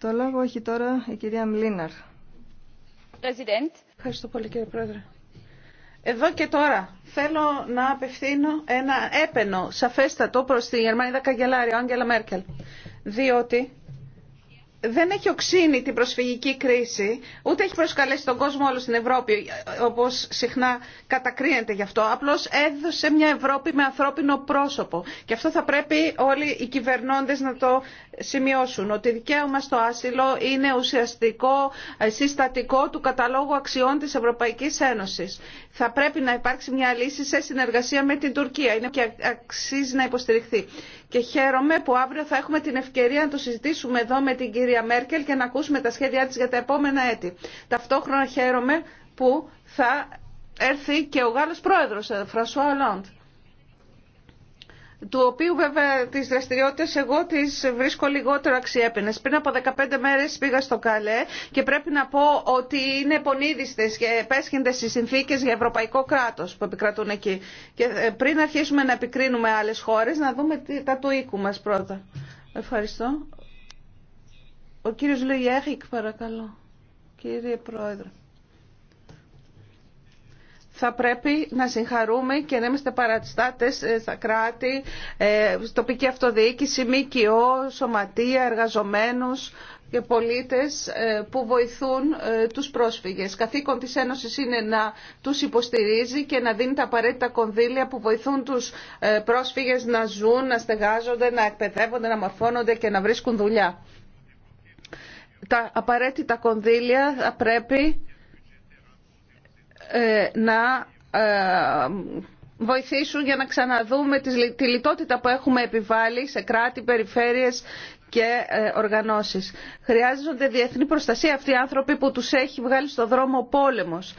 Το λόγο έχει τώρα η κυρία Μλίναρ. Ευχαριστώ πολύ κύριε Πρόεδρε. Εδώ και τώρα θέλω να απευθύνω ένα έπαινο σαφέστατο προς τη Γερμανίδα Καγκελάριο, Άγγελα Μέρκελ, διότι δεν έχει οξύνει την προσφυγική κρίση, ούτε έχει προσκαλέσει τον κόσμο όλο στην Ευρώπη, όπως συχνά κατακρίνεται γι' αυτό. Απλώς έδωσε μια Ευρώπη με ανθρώπινο πρόσωπο. Και αυτό θα πρέπει όλοι οι κυβερνώντες να το σημειώσουν, ότι δικαίωμα στο άσυλο είναι ουσιαστικό ε, συστατικό του καταλόγου αξιών της Ευρωπαϊκής Ένωσης. Θα πρέπει να υπάρξει μια λύση σε συνεργασία με την Τουρκία. Είναι και αξίζει να υποστηριχθεί και χαίρομαι που αύριο θα έχουμε την ευκαιρία να το συζητήσουμε εδώ με την κυρία Μέρκελ και να ακούσουμε τα σχέδιά της για τα επόμενα έτη. Ταυτόχρονα χαίρομαι που θα έρθει και ο Γάλλος πρόεδρος, Φρανσουά ε, Ολόντ του οποίου βέβαια τι δραστηριότητε, εγώ τις βρίσκω λιγότερο αξιέπαινε. Πριν από 15 μέρες πήγα στο Καλέ και πρέπει να πω ότι είναι πονίδιστε και πέσχυντες στι συνθήκε για ευρωπαϊκό κράτο που επικρατούν εκεί. Και ε, πριν αρχίσουμε να επικρίνουμε άλλες χώρες να δούμε τα του οίκου μας πρώτα. Ευχαριστώ. Ο κύριος Λεγιέχικ παρακαλώ. Κύριε Πρόεδρε θα πρέπει να συγχαρούμε και να είμαστε παραστάτες ε, στα κράτη, ε, τοπική αυτοδιοίκηση, ΜΚΟ, σωματεία, εργαζομένους και πολίτες ε, που βοηθούν τους πρόσφυγες. Καθήκον της Ένωσης είναι να τους υποστηρίζει και να δίνει τα απαραίτητα κονδύλια που βοηθούν τους πρόσφυγες να ζουν, να στεγάζονται, να εκπαιδεύονται, να μορφώνονται και να βρίσκουν δουλειά. Τα απαραίτητα κονδύλια θα πρέπει ε, να ε, βοηθήσουν για να ξαναδούμε τη λιτότητα που έχουμε επιβάλει σε κράτη, περιφέρειες και ε, οργανώσεις. Χρειάζονται διεθνή προστασία αυτοί οι άνθρωποι που τους έχει βγάλει στο δρόμο ο πόλεμος.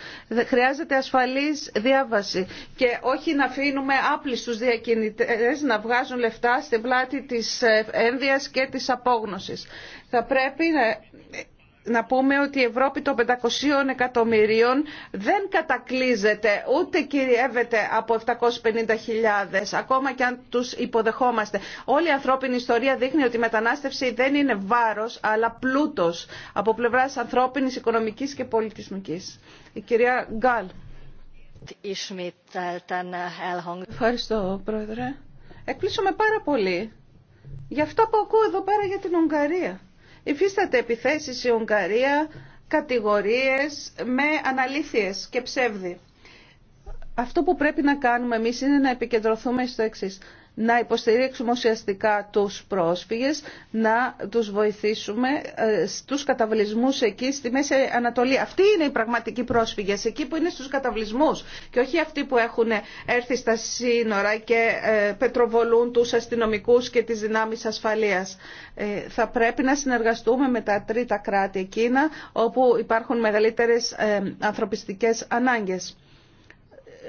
Χρειάζεται ασφαλής διάβαση και όχι να αφήνουμε άπλιστους διακινητές να βγάζουν λεφτά στην πλάτη της ένδυας και της απόγνωσης. Θα πρέπει να πούμε ότι η Ευρώπη των 500 εκατομμυρίων δεν κατακλείζεται ούτε κυριεύεται από 750.000 ακόμα και αν τους υποδεχόμαστε. Όλη η ανθρώπινη ιστορία δείχνει ότι η μετανάστευση δεν είναι βάρος αλλά πλούτος από πλευράς ανθρώπινης, οικονομικής και πολιτισμικής. Η κυρία Γκάλ. Ευχαριστώ πρόεδρε. Εκπλήσω με πάρα πολύ. Γι' αυτό που ακούω εδώ πέρα για την Ουγγαρία. Υφίσταται επιθέσεις η Ουγγαρία, κατηγορίες με αναλήθειες και ψεύδι. Αυτό που πρέπει να κάνουμε εμείς είναι να επικεντρωθούμε στο εξής να υποστηρίξουμε ουσιαστικά τους πρόσφυγες, να τους βοηθήσουμε ε, στους καταβλισμούς εκεί στη Μέση Ανατολή. Αυτή είναι οι πραγματική πρόσφυγες, εκεί που είναι στους καταβλισμούς και όχι αυτοί που έχουν έρθει στα σύνορα και ε, πετροβολούν τους αστυνομικούς και τις δυνάμεις ασφαλείας. Ε, θα πρέπει να συνεργαστούμε με τα τρίτα κράτη εκείνα όπου υπάρχουν μεγαλύτερες ανθρωπιστικές ανάγκες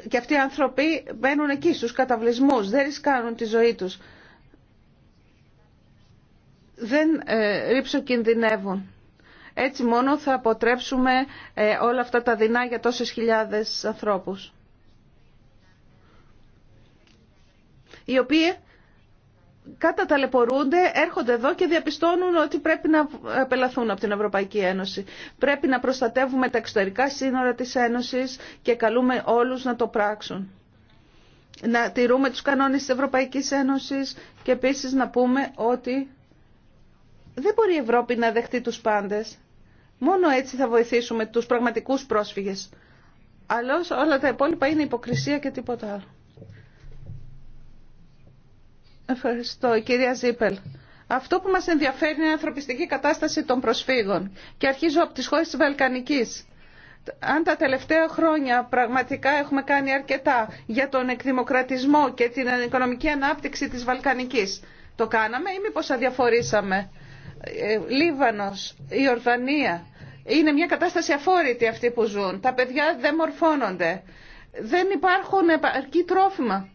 και αυτοί οι άνθρωποι μπαίνουν εκεί στους καταβλισμούς, δεν ρισκάνουν τη ζωή τους. Δεν ε, κινδυνεύουν. Έτσι μόνο θα αποτρέψουμε ε, όλα αυτά τα δεινά για τόσες χιλιάδες ανθρώπους. Οι οποίοι καταταλαιπωρούνται, έρχονται εδώ και διαπιστώνουν ότι πρέπει να απελαθούν από την Ευρωπαϊκή Ένωση. Πρέπει να προστατεύουμε τα εξωτερικά σύνορα της Ένωσης και καλούμε όλους να το πράξουν. Να τηρούμε τους κανόνες της Ευρωπαϊκής Ένωσης και επίσης να πούμε ότι δεν μπορεί η Ευρώπη να δεχτεί τους πάντες. Μόνο έτσι θα βοηθήσουμε τους πραγματικούς πρόσφυγες. Αλλιώς όλα τα υπόλοιπα είναι υποκρισία και τίποτα άλλο. Ευχαριστώ, κυρία Ζήπελ. Αυτό που μας ενδιαφέρει είναι η ανθρωπιστική κατάσταση των προσφύγων. Και αρχίζω από τις χώρες τη Βαλκανικής. Αν τα τελευταία χρόνια πραγματικά έχουμε κάνει αρκετά για τον εκδημοκρατισμό και την οικονομική ανάπτυξη της Βαλκανικής, το κάναμε ή μήπως αδιαφορήσαμε. Ε, Λίβανος, η Ορδανία, είναι μια κατάσταση αφόρητη αυτή που ζουν. Τα παιδιά δεν μορφώνονται. Δεν υπάρχουν επαρκή τρόφιμα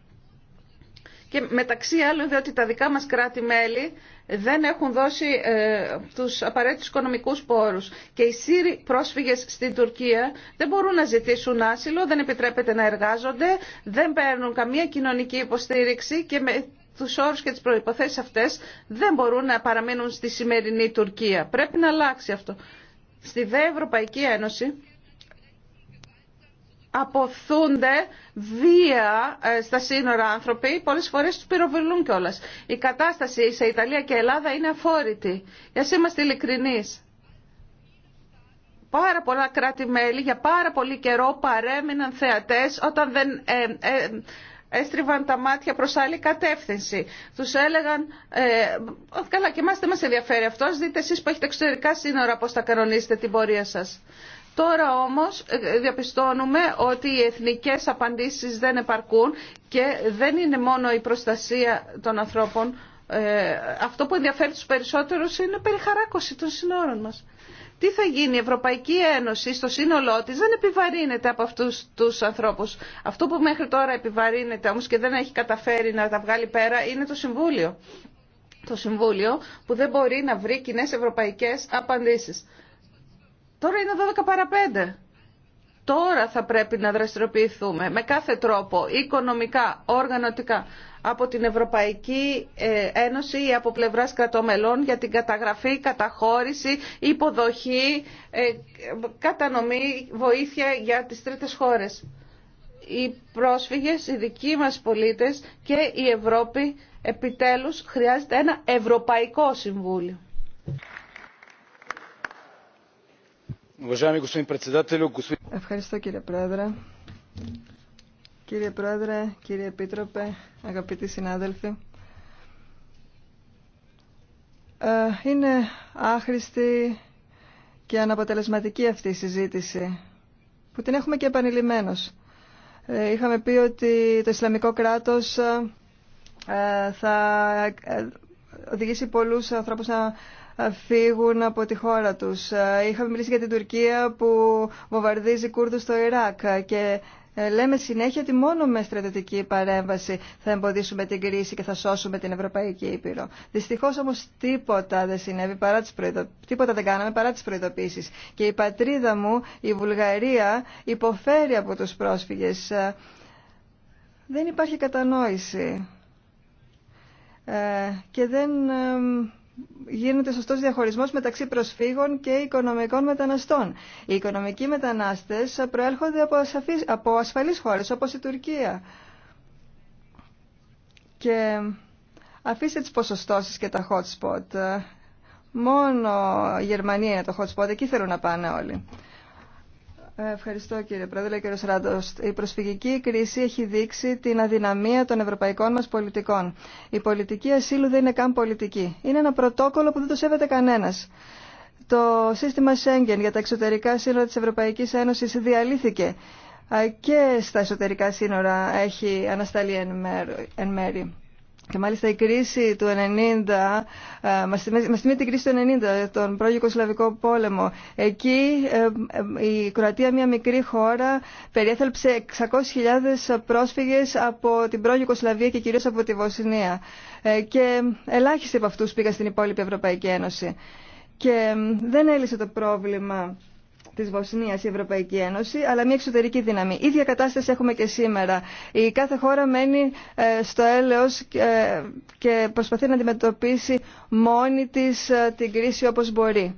και μεταξύ άλλων διότι τα δικά μας κράτη-μέλη δεν έχουν δώσει ε, τους απαραίτητους οικονομικούς πόρους. Και οι Σύριοι πρόσφυγες στην Τουρκία δεν μπορούν να ζητήσουν άσυλο, δεν επιτρέπεται να εργάζονται, δεν παίρνουν καμία κοινωνική υποστήριξη και με τους όρους και τις προϋποθέσεις αυτές δεν μπορούν να παραμείνουν στη σημερινή Τουρκία. Πρέπει να αλλάξει αυτό. Στη ΔΕΕ... Ευρωπαϊκή Ένωση αποθούνται βία ε, στα σύνορα άνθρωποι, πολλές φορές τους πυροβολούν κιόλα. Η κατάσταση σε Ιταλία και Ελλάδα είναι αφόρητη. Ας είμαστε ειλικρινείς. Πάρα πολλά κράτη-μέλη για πάρα πολύ καιρό παρέμειναν θεατές όταν δεν ε, ε, έστριβαν τα μάτια προς άλλη κατεύθυνση. Τους έλεγαν, ε, καλά και εμάς δεν μας ενδιαφέρει αυτό. δείτε εσείς που έχετε εξωτερικά σύνορα πώς θα κανονίσετε την πορεία σας. Τώρα όμως ε, διαπιστώνουμε ότι οι εθνικές απαντήσεις δεν επαρκούν και δεν είναι μόνο η προστασία των ανθρώπων. Ε, αυτό που ενδιαφέρει τους περισσότερους είναι η περιχαράκωση των συνόρων μας. Τι θα γίνει η Ευρωπαϊκή Ένωση στο σύνολό της δεν επιβαρύνεται από αυτούς τους ανθρώπους. Αυτό που μέχρι τώρα επιβαρύνεται όμως και δεν έχει καταφέρει να τα βγάλει πέρα είναι το Συμβούλιο. Το Συμβούλιο που δεν μπορεί να βρει κοινέ ευρωπαϊκές απαντήσεις. Τώρα είναι 12 παρα 5. Τώρα θα πρέπει να δραστηριοποιηθούμε με κάθε τρόπο, οικονομικά, οργανωτικά, από την Ευρωπαϊκή ε, Ένωση ή από πλευράς κρατομελών για την καταγραφή, καταχώρηση, υποδοχή, ε, κατανομή, βοήθεια για τις τρίτες χώρες. Οι πρόσφυγες, οι δικοί μας πολίτες και η Ευρώπη επιτέλους χρειάζεται ένα Ευρωπαϊκό Συμβούλιο. Ευχαριστώ κύριε Πρόεδρε. Κύριε Πρόεδρε, κύριε Επίτροπε, αγαπητοί συνάδελφοι. Ε, είναι άχρηστη και αναποτελεσματική αυτή η συζήτηση που την έχουμε και επανειλημμένως. Ε, είχαμε πει ότι το Ισλαμικό κράτος ε, θα οδηγήσει πολλούς ανθρώπους να φύγουν από τη χώρα τους. Είχαμε μιλήσει για την Τουρκία που βομβαρδίζει Κούρδους στο Ιράκ και ε, λέμε συνέχεια ότι μόνο με στρατιωτική παρέμβαση θα εμποδίσουμε την κρίση και θα σώσουμε την Ευρωπαϊκή Ήπειρο. Δυστυχώς όμως τίποτα δεν συνέβη, παρά τις προειδο... τίποτα δεν κάναμε παρά τις προειδοποίησεις. Και η πατρίδα μου, η Βουλγαρία, υποφέρει από τους πρόσφυγες. Ε, δεν υπάρχει κατανόηση. Ε, και δεν γίνεται σωστός διαχωρισμός μεταξύ προσφύγων και οικονομικών μεταναστών. Οι οικονομικοί μετανάστες προέρχονται από, ασφαλείς, από ασφαλείς χώρες όπως η Τουρκία. Και αφήστε τις ποσοστώσεις και τα hot spot. Μόνο η Γερμανία είναι το hot spot, εκεί θέλουν να πάνε όλοι. Ευχαριστώ κύριε Πρόεδρε, κύριε Σράντο. Η προσφυγική κρίση έχει δείξει την αδυναμία των ευρωπαϊκών μα πολιτικών. Η πολιτική ασύλου δεν είναι καν πολιτική. Είναι ένα πρωτόκολλο που δεν το σέβεται κανένα. Το σύστημα Σέγγεν για τα εξωτερικά σύνορα τη Ευρωπαϊκή Ένωση διαλύθηκε και στα εσωτερικά σύνορα έχει ανασταλεί εν μέρη. Και μάλιστα η κρίση του 90, ε, μας θυμίζει την κρίση του 90, τον πρώην Ιουκοσλαβικό πόλεμο. Εκεί ε, ε, η Κροατία, μια μικρή χώρα, περιέθαλψε 600.000 πρόσφυγες από την πρώην Ιουκοσλαβία και κυρίως από τη Βοσνία. Και ελάχιστοι από αυτούς πήγαν στην υπόλοιπη Ευρωπαϊκή Ένωση. Και δεν έλυσε το πρόβλημα της Βοσνίας η Ευρωπαϊκή Ένωση, αλλά μια εξωτερική δύναμη. Ίδια κατάσταση έχουμε και σήμερα. Η κάθε χώρα μένει ε, στο έλεος ε, και προσπαθεί να αντιμετωπίσει μόνη της ε, την κρίση όπως μπορεί.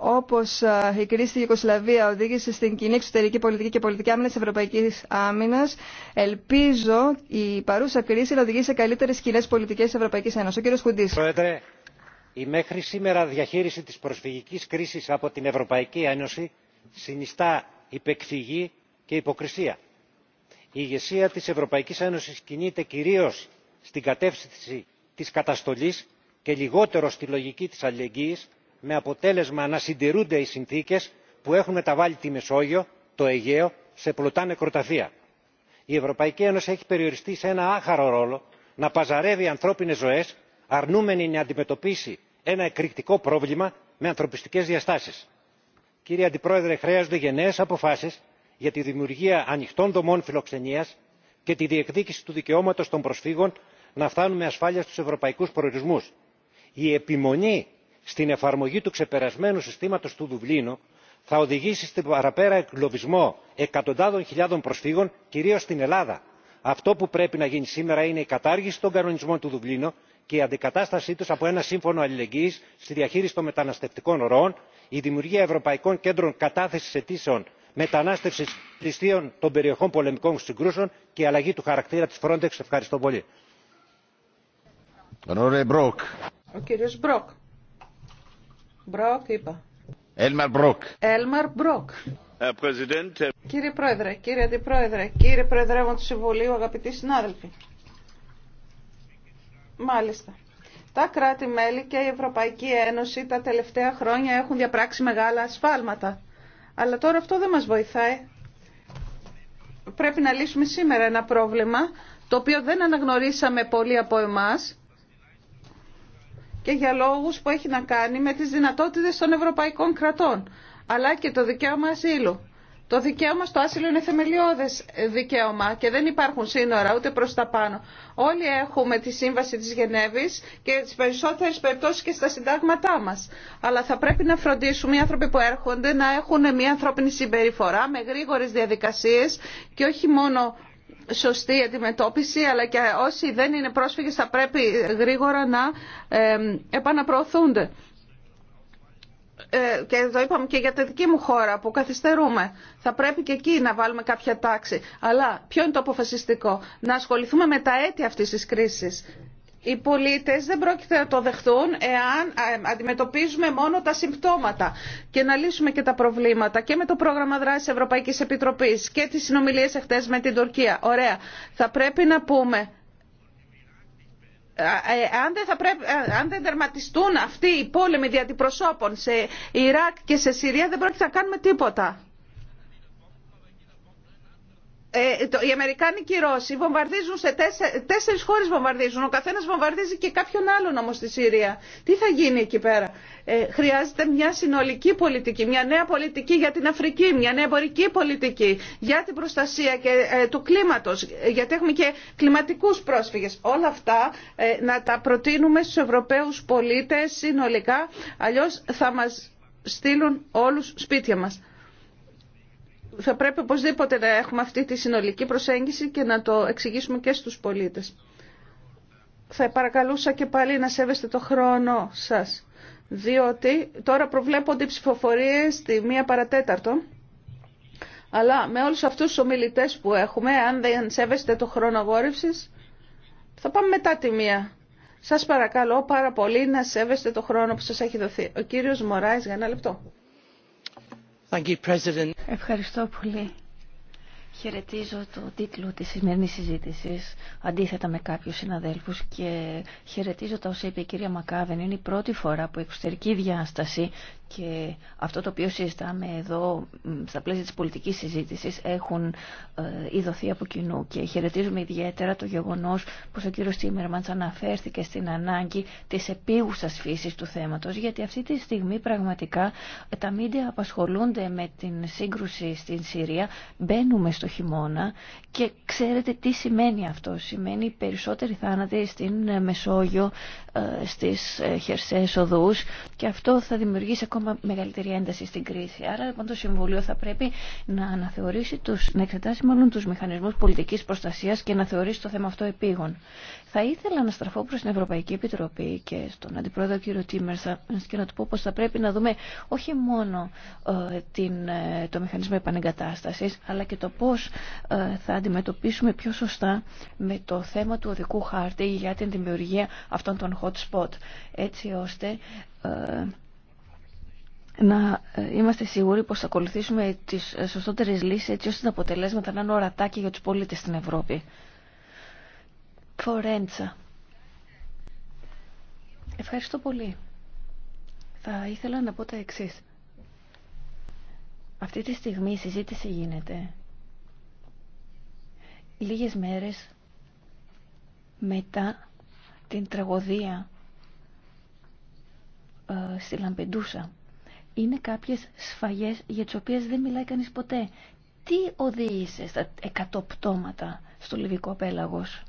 Όπως η κρίση στη Ιουκοσλαβία οδήγησε στην κοινή εξωτερική πολιτική και πολιτική άμυνα τη Ευρωπαϊκής Άμυνας, ελπίζω η παρούσα κρίση να οδηγήσει σε καλύτερες κοινέ πολιτικές τη Ευρωπαϊκής Ένωσης. Ο κύριος Χουντής η μέχρι σήμερα διαχείριση της προσφυγικής κρίσης από την ευρωπαϊκή ένωση συνιστά υπεκφυγή και υποκρισία. η ηγεσία της ευρωπαϊκής ένωσης κινείται κυρίως στην κατεύθυνση της καταστολής και λιγότερο στη λογική της αλληλεγγύης με αποτέλεσμα να συντηρούνται οι συνθήκες που έχουν μεταβάλει τη μεσόγειο το αιγαίο σε πλωτά νεκροταφεία. η ευρωπαϊκή ένωση έχει περιοριστεί σε ένα άχαρο ρόλο να παζαρεύει ανθρώπινες ζωές αρνούμενη να αντιμετωπίσει ένα εκρηκτικό πρόβλημα με ανθρωπιστικέ διαστάσει. Κύριε Αντιπρόεδρε, χρειάζονται γενναίε αποφάσει για τη δημιουργία ανοιχτών δομών φιλοξενία και τη διεκδίκηση του δικαιώματο των προσφύγων να φτάνουν με ασφάλεια στου ευρωπαϊκού προορισμού. Η επιμονή στην εφαρμογή του ξεπερασμένου συστήματο του Δουβλίνου θα οδηγήσει στην παραπέρα εγκλωβισμό εκατοντάδων χιλιάδων προσφύγων, κυρίω στην Ελλάδα. Αυτό που πρέπει να γίνει σήμερα είναι η κατάργηση των κανονισμών του Δουβλίνου και η αντικατάστασή του από ένα σύμφωνο αλληλεγγύη στη διαχείριση των μεταναστευτικών ροών η δημιουργία ευρωπαϊκών κέντρων κατάθεση αιτήσεων μετανάστευση πληστείων των περιοχών πολεμικών συγκρούσεων και η αλλαγή του χαρακτήρα τη frontex. ευχαριστώ πολύ. Κύριε Πρόεδρε, κύριε Αντιπρόεδρε, κύριε Προεδρεύον του Συμβουλίου, συνάδελφοι. Μάλιστα. Τα κράτη-μέλη και η Ευρωπαϊκή Ένωση τα τελευταία χρόνια έχουν διαπράξει μεγάλα ασφάλματα. Αλλά τώρα αυτό δεν μας βοηθάει. Πρέπει να λύσουμε σήμερα ένα πρόβλημα το οποίο δεν αναγνωρίσαμε πολύ από εμάς και για λόγους που έχει να κάνει με τις δυνατότητες των ευρωπαϊκών κρατών αλλά και το δικαίωμα ασύλου. Το δικαίωμα στο άσυλο είναι θεμελιώδες δικαίωμα και δεν υπάρχουν σύνορα ούτε προς τα πάνω. Όλοι έχουμε τη σύμβαση της Γενέβης και τις περισσότερες περιπτώσεις και στα συντάγματά μας. Αλλά θα πρέπει να φροντίσουμε οι άνθρωποι που έρχονται να έχουν μια ανθρώπινη συμπεριφορά με γρήγορες διαδικασίες και όχι μόνο σωστή αντιμετώπιση αλλά και όσοι δεν είναι πρόσφυγες θα πρέπει γρήγορα να επαναπροωθούνται. Ε, και εδώ είπαμε και για τη δική μου χώρα που καθυστερούμε. Θα πρέπει και εκεί να βάλουμε κάποια τάξη. Αλλά ποιο είναι το αποφασιστικό. Να ασχοληθούμε με τα αίτια αυτής της κρίσης. Οι πολίτες δεν πρόκειται να το δεχτούν εάν ε, αντιμετωπίζουμε μόνο τα συμπτώματα και να λύσουμε και τα προβλήματα και με το πρόγραμμα δράσης Ευρωπαϊκής Επιτροπής και τις συνομιλίες εχθές με την Τουρκία. Ωραία. Θα πρέπει να πούμε ε, ε, αν δεν, θα ε, τερματιστούν αυτοί οι πόλεμοι δια σε Ιράκ και σε Συρία δεν πρόκειται να κάνουμε τίποτα ε, οι Αμερικάνοι και οι Ρώσοι βομβαρδίζουν σε τέσσε, τέσσερις χώρες βομβαρδίζουν. Ο καθένας βομβαρδίζει και κάποιον άλλον όμως στη Συρία. Τι θα γίνει εκεί πέρα. Ε, χρειάζεται μια συνολική πολιτική, μια νέα πολιτική για την Αφρική, μια νέα εμπορική πολιτική για την προστασία και, ε, του κλίματος. Γιατί έχουμε και κλιματικούς πρόσφυγες. Όλα αυτά ε, να τα προτείνουμε στους Ευρωπαίους πολίτες συνολικά. Αλλιώς θα μας στείλουν όλους σπίτια μας θα πρέπει οπωσδήποτε να έχουμε αυτή τη συνολική προσέγγιση και να το εξηγήσουμε και στους πολίτες. Θα παρακαλούσα και πάλι να σέβεστε το χρόνο σας, διότι τώρα προβλέπονται οι ψηφοφορίες τη μία παρατέταρτο, αλλά με όλους αυτούς τους ομιλητές που έχουμε, αν δεν σέβεστε το χρόνο αγόρευσης, θα πάμε μετά τη μία. Σας παρακαλώ πάρα πολύ να σέβεστε το χρόνο που σας έχει δοθεί. Ο κύριος Μωράης για ένα λεπτό. Ευχαριστώ πολύ. Χαιρετίζω το τίτλο της σημερινής συζήτησης, αντίθετα με κάποιους συναδέλφους και χαιρετίζω τα όσα είπε η κυρία Μακάβεν. Είναι η πρώτη φορά που η εξωτερική διάσταση και αυτό το οποίο συζητάμε εδώ στα πλαίσια της πολιτικής συζήτησης έχουν ε, ειδωθεί από κοινού και χαιρετίζουμε ιδιαίτερα το γεγονός πως ο κύριος Τίμερμαντς αναφέρθηκε στην ανάγκη της επίγουσας φύσης του θέματος γιατί αυτή τη στιγμή πραγματικά ε, τα μίντια απασχολούνται με την σύγκρουση στην Συρία μπαίνουμε στο χειμώνα και ξέρετε τι σημαίνει αυτό σημαίνει περισσότεροι θάνατοι στην Μεσόγειο ε, στις χερσαίες οδούς και αυτό θα δημιουργήσει ακόμα μεγαλύτερη ένταση στην κρίση. Άρα λοιπόν το Συμβούλιο θα πρέπει να αναθεωρήσει τους, να εξετάσει μάλλον τους μηχανισμούς πολιτικής προστασίας και να θεωρήσει το θέμα αυτό επίγον. Θα ήθελα να στραφώ προς την Ευρωπαϊκή Επιτροπή και στον Αντιπρόεδρο κύριο Τίμερ και να του πω πως θα πρέπει να δούμε όχι μόνο ε, την, ε, το μηχανισμό επανεγκατάστασης αλλά και το πώς ε, θα αντιμετωπίσουμε πιο σωστά με το θέμα του οδικού χάρτη για την δημιουργία αυτών των hot spot έτσι ώστε να ε, είμαστε σίγουροι πως θα ακολουθήσουμε τις ε, σωστότερες λύσεις έτσι ώστε τα αποτελέσματα να είναι ορατά και για τους πολίτες στην Ευρώπη. Φορέντσα. Ευχαριστώ πολύ. Θα ήθελα να πω τα εξή. Αυτή τη στιγμή η συζήτηση γίνεται λίγες μέρες μετά την τραγωδία ε, στη Λαμπεντούσα είναι κάποιες σφαγές για τις οποίες δεν μιλάει κανείς ποτέ. Τι οδήγησε στα εκατοπτώματα στο Λιβικό Πέλαγος.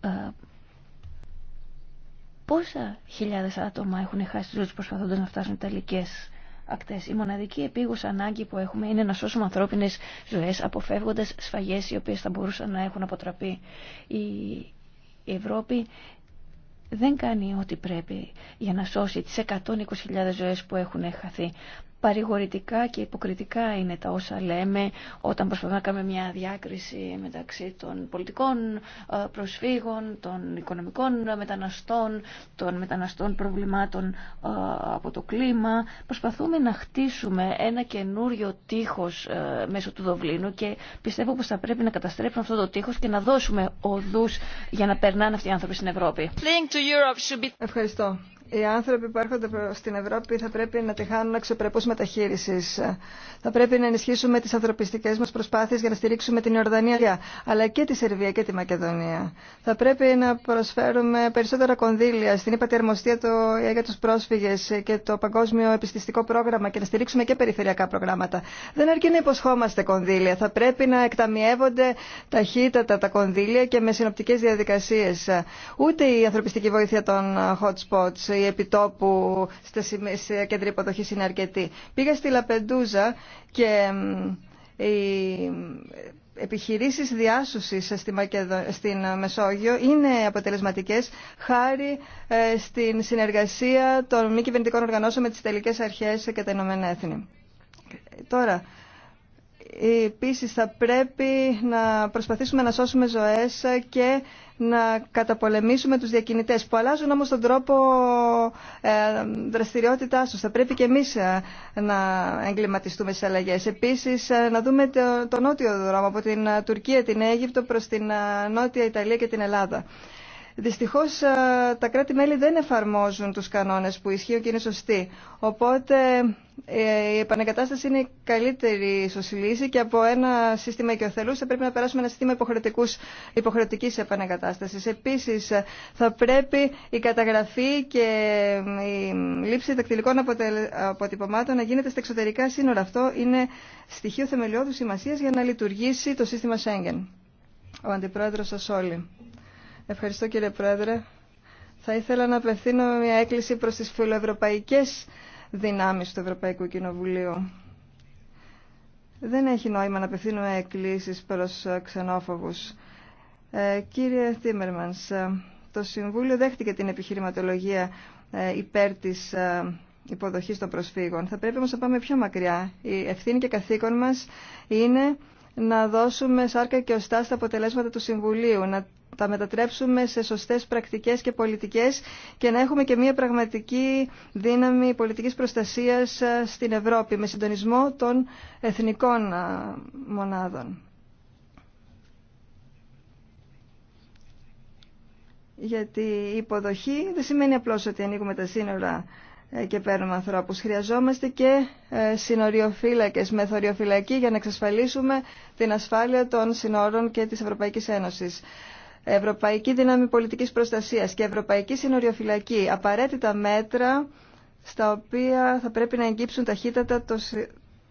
Ε, πόσα χιλιάδες άτομα έχουν χάσει τη ζωή τους προσπαθώντας να φτάσουν τελικέ ακτές. Η μοναδική επίγουσα ανάγκη που έχουμε είναι να σώσουμε ανθρώπινες ζωές αποφεύγοντας σφαγές οι οποίες θα μπορούσαν να έχουν αποτραπεί. Η Ευρώπη δεν κάνει ό,τι πρέπει για να σώσει τις 120.000 ζωές που έχουν χαθεί παρηγορητικά και υποκριτικά είναι τα όσα λέμε όταν προσπαθούμε να κάνουμε μια διάκριση μεταξύ των πολιτικών ε, προσφύγων, των οικονομικών μεταναστών, των μεταναστών προβλημάτων ε, από το κλίμα. Προσπαθούμε να χτίσουμε ένα καινούριο τείχος ε, μέσω του Δοβλίνου και πιστεύω πως θα πρέπει να καταστρέψουμε αυτό το τείχος και να δώσουμε οδούς για να περνάνε αυτοί οι άνθρωποι στην Ευρώπη. Ευχαριστώ οι άνθρωποι που έρχονται στην Ευρώπη θα πρέπει να τη χάνουν αξιοπρεπού μεταχείριση. Θα πρέπει να ενισχύσουμε τι ανθρωπιστικέ μα προσπάθειε για να στηρίξουμε την Ιορδανία, αλλά και τη Σερβία και τη Μακεδονία. Θα πρέπει να προσφέρουμε περισσότερα κονδύλια στην υπατερμοστία το, για του πρόσφυγε και το Παγκόσμιο Επιστηστικό Πρόγραμμα και να στηρίξουμε και περιφερειακά προγράμματα. Δεν αρκεί να υποσχόμαστε κονδύλια. Θα πρέπει να εκταμιεύονται ταχύτατα τα κονδύλια και με συνοπτικέ διαδικασίε. Ούτε η ανθρωπιστική βοήθεια των hot ή επιτόπου στα κέντρα υποδοχής είναι αρκετή. Πήγα στη Λαπεντούζα και οι επιχειρήσεις διάσωσης στην Μεσόγειο είναι αποτελεσματικές χάρη ε, στην συνεργασία των μη κυβερνητικών οργανώσεων με τις τελικές αρχές και τα Ηνωμένα Έθνη. Τώρα, επίσης θα πρέπει να προσπαθήσουμε να σώσουμε ζωές και να καταπολεμήσουμε τους διακινητές που αλλάζουν όμως τον τρόπο ε, δραστηριότητάς τους. Θα πρέπει και εμείς ε, να εγκληματιστούμε στις αλλαγές. Επίσης ε, να δούμε το, νότιο δρόμο από την Τουρκία, την Αίγυπτο προς την Νότια Ιταλία και την Ελλάδα. Δυστυχώ, ε, τα κράτη-μέλη δεν εφαρμόζουν του κανόνε που ισχύουν και είναι σωστοί. Οπότε ε, η επανεκατάσταση είναι η καλύτερη σωστή λύση και από ένα σύστημα οικειοθελούς θα πρέπει να περάσουμε ένα σύστημα υποχρεωτική υποχρεωτικής Επίση ε, θα πρέπει η καταγραφή και η λήψη δακτυλικών αποτυπωμάτων να γίνεται στα εξωτερικά σύνορα. Αυτό είναι στοιχείο θεμελιώδου σημασία για να λειτουργήσει το σύστημα Schengen. Ο αντιπρόεδρο σα όλοι. Ευχαριστώ κύριε Πρόεδρε. Θα ήθελα να απευθύνω μια έκκληση προς τις φιλοευρωπαϊκές δυνάμεις του Ευρωπαϊκού Κοινοβουλίου. Δεν έχει νόημα να απευθύνουμε εκκλήσεις προς ξενόφοβους. Ε, κύριε Τίμερμανς, ε, το Συμβούλιο δέχτηκε την επιχειρηματολογία ε, υπέρ της υποδοχής των προσφύγων. Θα πρέπει όμως να πάμε πιο μακριά. Η ευθύνη και καθήκον μας είναι να δώσουμε σάρκα και οστά στα αποτελέσματα του Συμβουλίου, να τα μετατρέψουμε σε σωστές πρακτικές και πολιτικές και να έχουμε και μια πραγματική δύναμη πολιτικής προστασίας ε, στην Ευρώπη με συντονισμό των εθνικών ε, μονάδων. Γιατί η υποδοχή δεν σημαίνει απλώς ότι ανοίγουμε τα σύνορα ε, και παίρνουμε ανθρώπου. Χρειαζόμαστε και συνοριοφύλακες, θωριοφυλακή για να εξασφαλίσουμε την ασφάλεια των συνόρων και της Ευρωπαϊκής Ένωσης. Ευρωπαϊκή Δύναμη Πολιτικής Προστασίας και Ευρωπαϊκή Συνοριοφυλακή. Απαραίτητα μέτρα στα οποία θα πρέπει να εγκύψουν ταχύτατα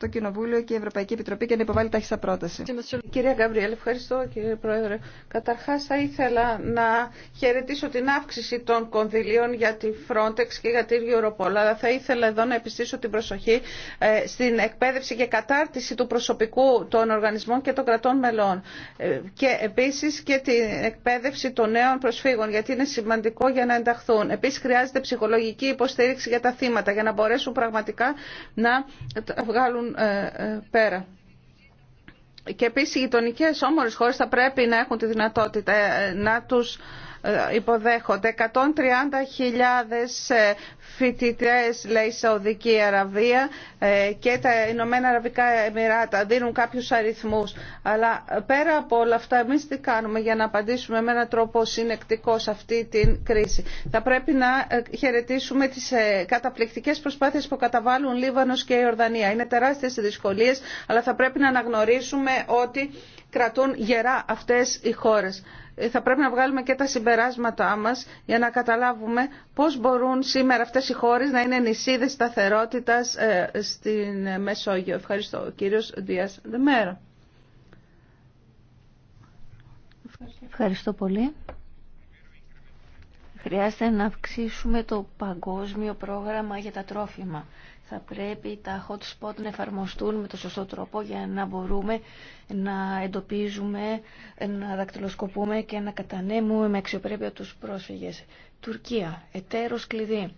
το Κοινοβούλιο και η Ευρωπαϊκή Επιτροπή και να υποβάλει τάχιστα πρόταση. Κυρία Γκαμπριέλ, ευχαριστώ κύριε Πρόεδρε. Καταρχά θα ήθελα να χαιρετήσω την αύξηση των κονδυλίων για τη Frontex και για την Europol, αλλά θα ήθελα εδώ να επιστήσω την προσοχή ε, στην εκπαίδευση και κατάρτιση του προσωπικού των οργανισμών και των κρατών μελών ε, και επίση και την εκπαίδευση των νέων προσφύγων γιατί είναι σημαντικό για να ενταχθούν. Επίση χρειάζεται ψυχολογική υποστήριξη για τα θύματα για να μπορέσουν πραγματικά να βγάλουν ε, ε, πέρα. Και επίσης οι γειτονικέ όμορες χώρες θα πρέπει να έχουν τη δυνατότητα ε, να τους υποδέχονται 130.000 ε, φοιτητές λέει Σαουδική Αραβία ε, και τα Ηνωμένα Αραβικά Εμμυράτα δίνουν κάποιους αριθμούς αλλά ε, πέρα από όλα αυτά εμείς τι κάνουμε για να απαντήσουμε με έναν τρόπο συνεκτικό σε αυτή την κρίση θα πρέπει να χαιρετήσουμε τις καταπληκτικές προσπάθειες που καταβάλουν Λίβανος και η Ορδανία είναι τεράστιες οι δυσκολίες αλλά θα πρέπει να αναγνωρίσουμε ότι κρατούν γερά αυτές οι χώρες. Ε, θα πρέπει να βγάλουμε και τα συμπεράσματά μας για να καταλάβουμε πώς μπορούν σήμερα αυτές οι χώρες να είναι νησίδες σταθερότητας ε, στην Μεσόγειο. Ευχαριστώ. Ο κύριος Δίας Δεμέρα. Ευχαριστώ πολύ. Χρειάζεται να αυξήσουμε το παγκόσμιο πρόγραμμα για τα τρόφιμα θα πρέπει τα hot spot να εφαρμοστούν με το σωστό τρόπο για να μπορούμε να εντοπίζουμε, να δακτυλοσκοπούμε και να κατανέμουμε με αξιοπρέπεια τους πρόσφυγες. Τουρκία, εταίρος κλειδί.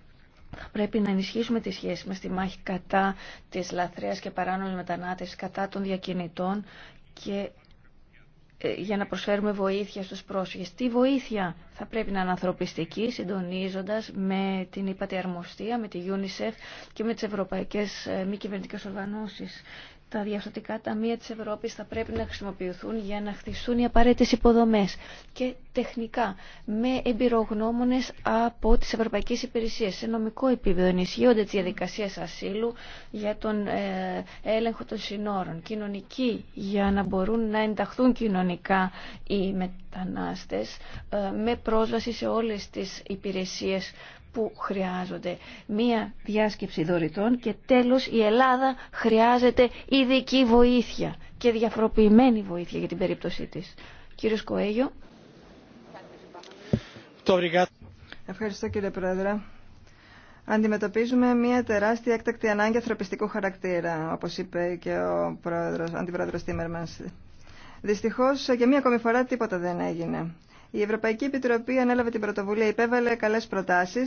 Θα πρέπει να ενισχύσουμε τη σχέση μας στη μάχη κατά της λαθρέας και παράνομης μετανάτευσης, κατά των διακινητών και ε, για να προσφέρουμε βοήθεια στους πρόσφυγες. Τι βοήθεια θα πρέπει να είναι ανθρωπιστική, συντονίζοντας με την υπατιαρμοστία, με τη UNICEF και με τις ευρωπαϊκές ε, μη κυβερνητικές οργανώσεις τα διαφορετικά ταμεία της Ευρώπης θα πρέπει να χρησιμοποιηθούν για να χτιστούν οι απαραίτητες υποδομές και τεχνικά με εμπειρογνώμονες από τις ευρωπαϊκές υπηρεσίες. Σε νομικό επίπεδο ενισχύονται τις διαδικασίες ασύλου για τον ε, έλεγχο των συνόρων, Κοινωνικοί για να μπορούν να ενταχθούν κοινωνικά οι μετανάστες ε, με πρόσβαση σε όλες τις υπηρεσίες που χρειάζονται. Μία διάσκεψη δωρητών και τέλος η Ελλάδα χρειάζεται ειδική βοήθεια και διαφοροποιημένη βοήθεια για την περίπτωσή της. Κύριος Κοέγιο. Ευχαριστώ κύριε Πρόεδρε. Αντιμετωπίζουμε μια τεράστια έκτακτη ανάγκη ανθρωπιστικού χαρακτήρα, όπως είπε και ο πρόεδρος, αντιπρόεδρος Τίμερμαν. Δυστυχώς για μία ακόμη φορά τίποτα δεν έγινε. Η Ευρωπαϊκή Επιτροπή ανέλαβε την πρωτοβουλία, υπέβαλε καλέ προτάσει,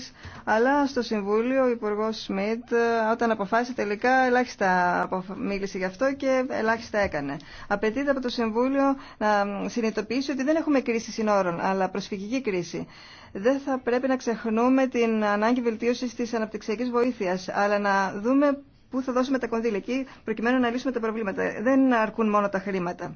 αλλά στο Συμβούλιο ο Υπουργό Σμιτ, ε, όταν αποφάσισε τελικά, ελάχιστα μίλησε γι' αυτό και ελάχιστα έκανε. Απαιτείται από το Συμβούλιο να συνειδητοποιήσει ότι δεν έχουμε κρίση συνόρων, αλλά προσφυγική κρίση. Δεν θα πρέπει να ξεχνούμε την ανάγκη βελτίωση τη αναπτυξιακή βοήθεια, αλλά να δούμε πού θα δώσουμε τα κονδύλια εκεί, προκειμένου να λύσουμε τα προβλήματα. Δεν αρκούν μόνο τα χρήματα.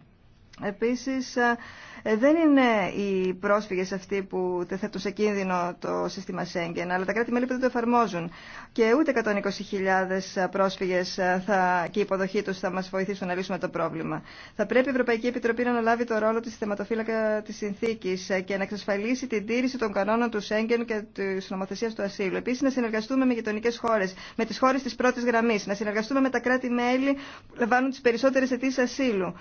Επίσης, ε, ε, δεν είναι οι πρόσφυγες αυτοί που θέτουν σε κίνδυνο το σύστημα Σέγγεν, αλλά τα κράτη-μέλη που δεν το εφαρμόζουν. Και ούτε 120.000 πρόσφυγες ε, θα, και η υποδοχή τους θα μας βοηθήσουν να λύσουμε το πρόβλημα. Θα πρέπει η Ευρωπαϊκή Επιτροπή να αναλάβει το ρόλο της θεματοφύλακα της συνθήκης και να εξασφαλίσει την τήρηση των κανόνων του Σέγγεν και της νομοθεσίας του ασύλου. Επίσης, να συνεργαστούμε με γειτονικέ χώρες, με τις χώρες της πρώτης γραμμής, να συνεργαστούμε με τα κράτη-μέλη που λαμβάνουν τις περισσότερες αιτήσεις ασύλου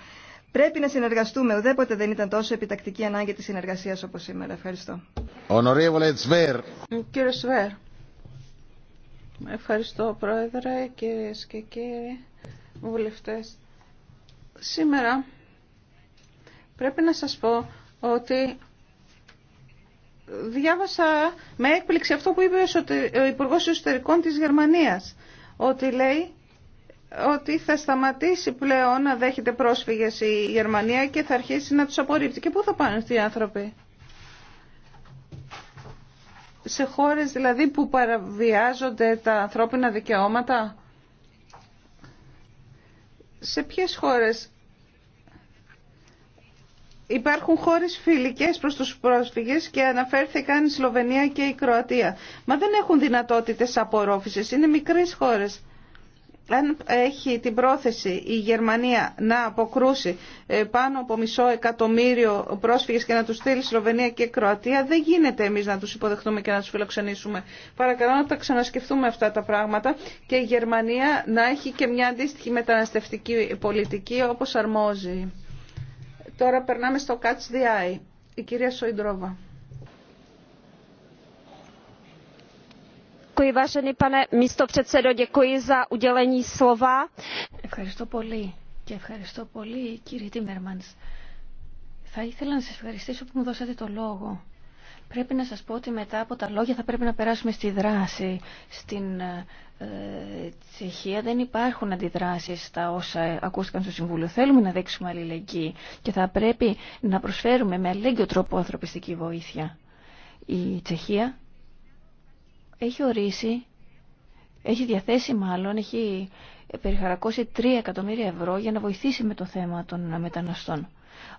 Πρέπει να συνεργαστούμε. Ουδέποτε δεν ήταν τόσο επιτακτική ανάγκη τη συνεργασία όπω σήμερα. Ευχαριστώ. Κύριε Σβέρ. Ευχαριστώ, Πρόεδρε, κυρίε και κύριοι βουλευτέ. Σήμερα πρέπει να σας πω ότι διάβασα με έκπληξη αυτό που είπε ο Υπουργός Εσωτερικών της Γερμανίας, ότι λέει ότι θα σταματήσει πλέον να δέχεται πρόσφυγες η Γερμανία και θα αρχίσει να τους απορρίπτει. Και πού θα πάνε αυτοί οι άνθρωποι. Σε χώρες δηλαδή που παραβιάζονται τα ανθρώπινα δικαιώματα. Σε ποιες χώρες υπάρχουν χώρες φιλικές προς τους πρόσφυγες και αναφέρθηκαν η Σλοβενία και η Κροατία. Μα δεν έχουν δυνατότητες απορρόφησης, είναι μικρές χώρες αν έχει την πρόθεση η Γερμανία να αποκρούσει ε, πάνω από μισό εκατομμύριο πρόσφυγες και να τους στείλει Σλοβενία και Κροατία, δεν γίνεται εμείς να τους υποδεχτούμε και να τους φιλοξενήσουμε. Παρακαλώ να τα ξανασκεφτούμε αυτά τα πράγματα και η Γερμανία να έχει και μια αντίστοιχη μεταναστευτική πολιτική όπως αρμόζει. Τώρα περνάμε στο Catch the Eye. Η κυρία Σοϊντρόβα. pane Ευχαριστώ πολύ και ευχαριστώ πολύ κύριε Τίμερμανς. Θα ήθελα να σας ευχαριστήσω που μου δώσατε το λόγο. Πρέπει να σας πω ότι μετά από τα λόγια θα πρέπει να περάσουμε στη δράση. Στην ε, Τσεχία δεν υπάρχουν αντιδράσεις στα όσα ακούστηκαν στο Συμβούλιο. Θέλουμε να δείξουμε αλληλεγγύη και θα πρέπει να προσφέρουμε με αλληλέγγυο τρόπο ανθρωπιστική βοήθεια. Η Τσεχία έχει ορίσει, έχει διαθέσει μάλλον, έχει περιχαρακώσει 3 εκατομμύρια ευρώ για να βοηθήσει με το θέμα των μεταναστών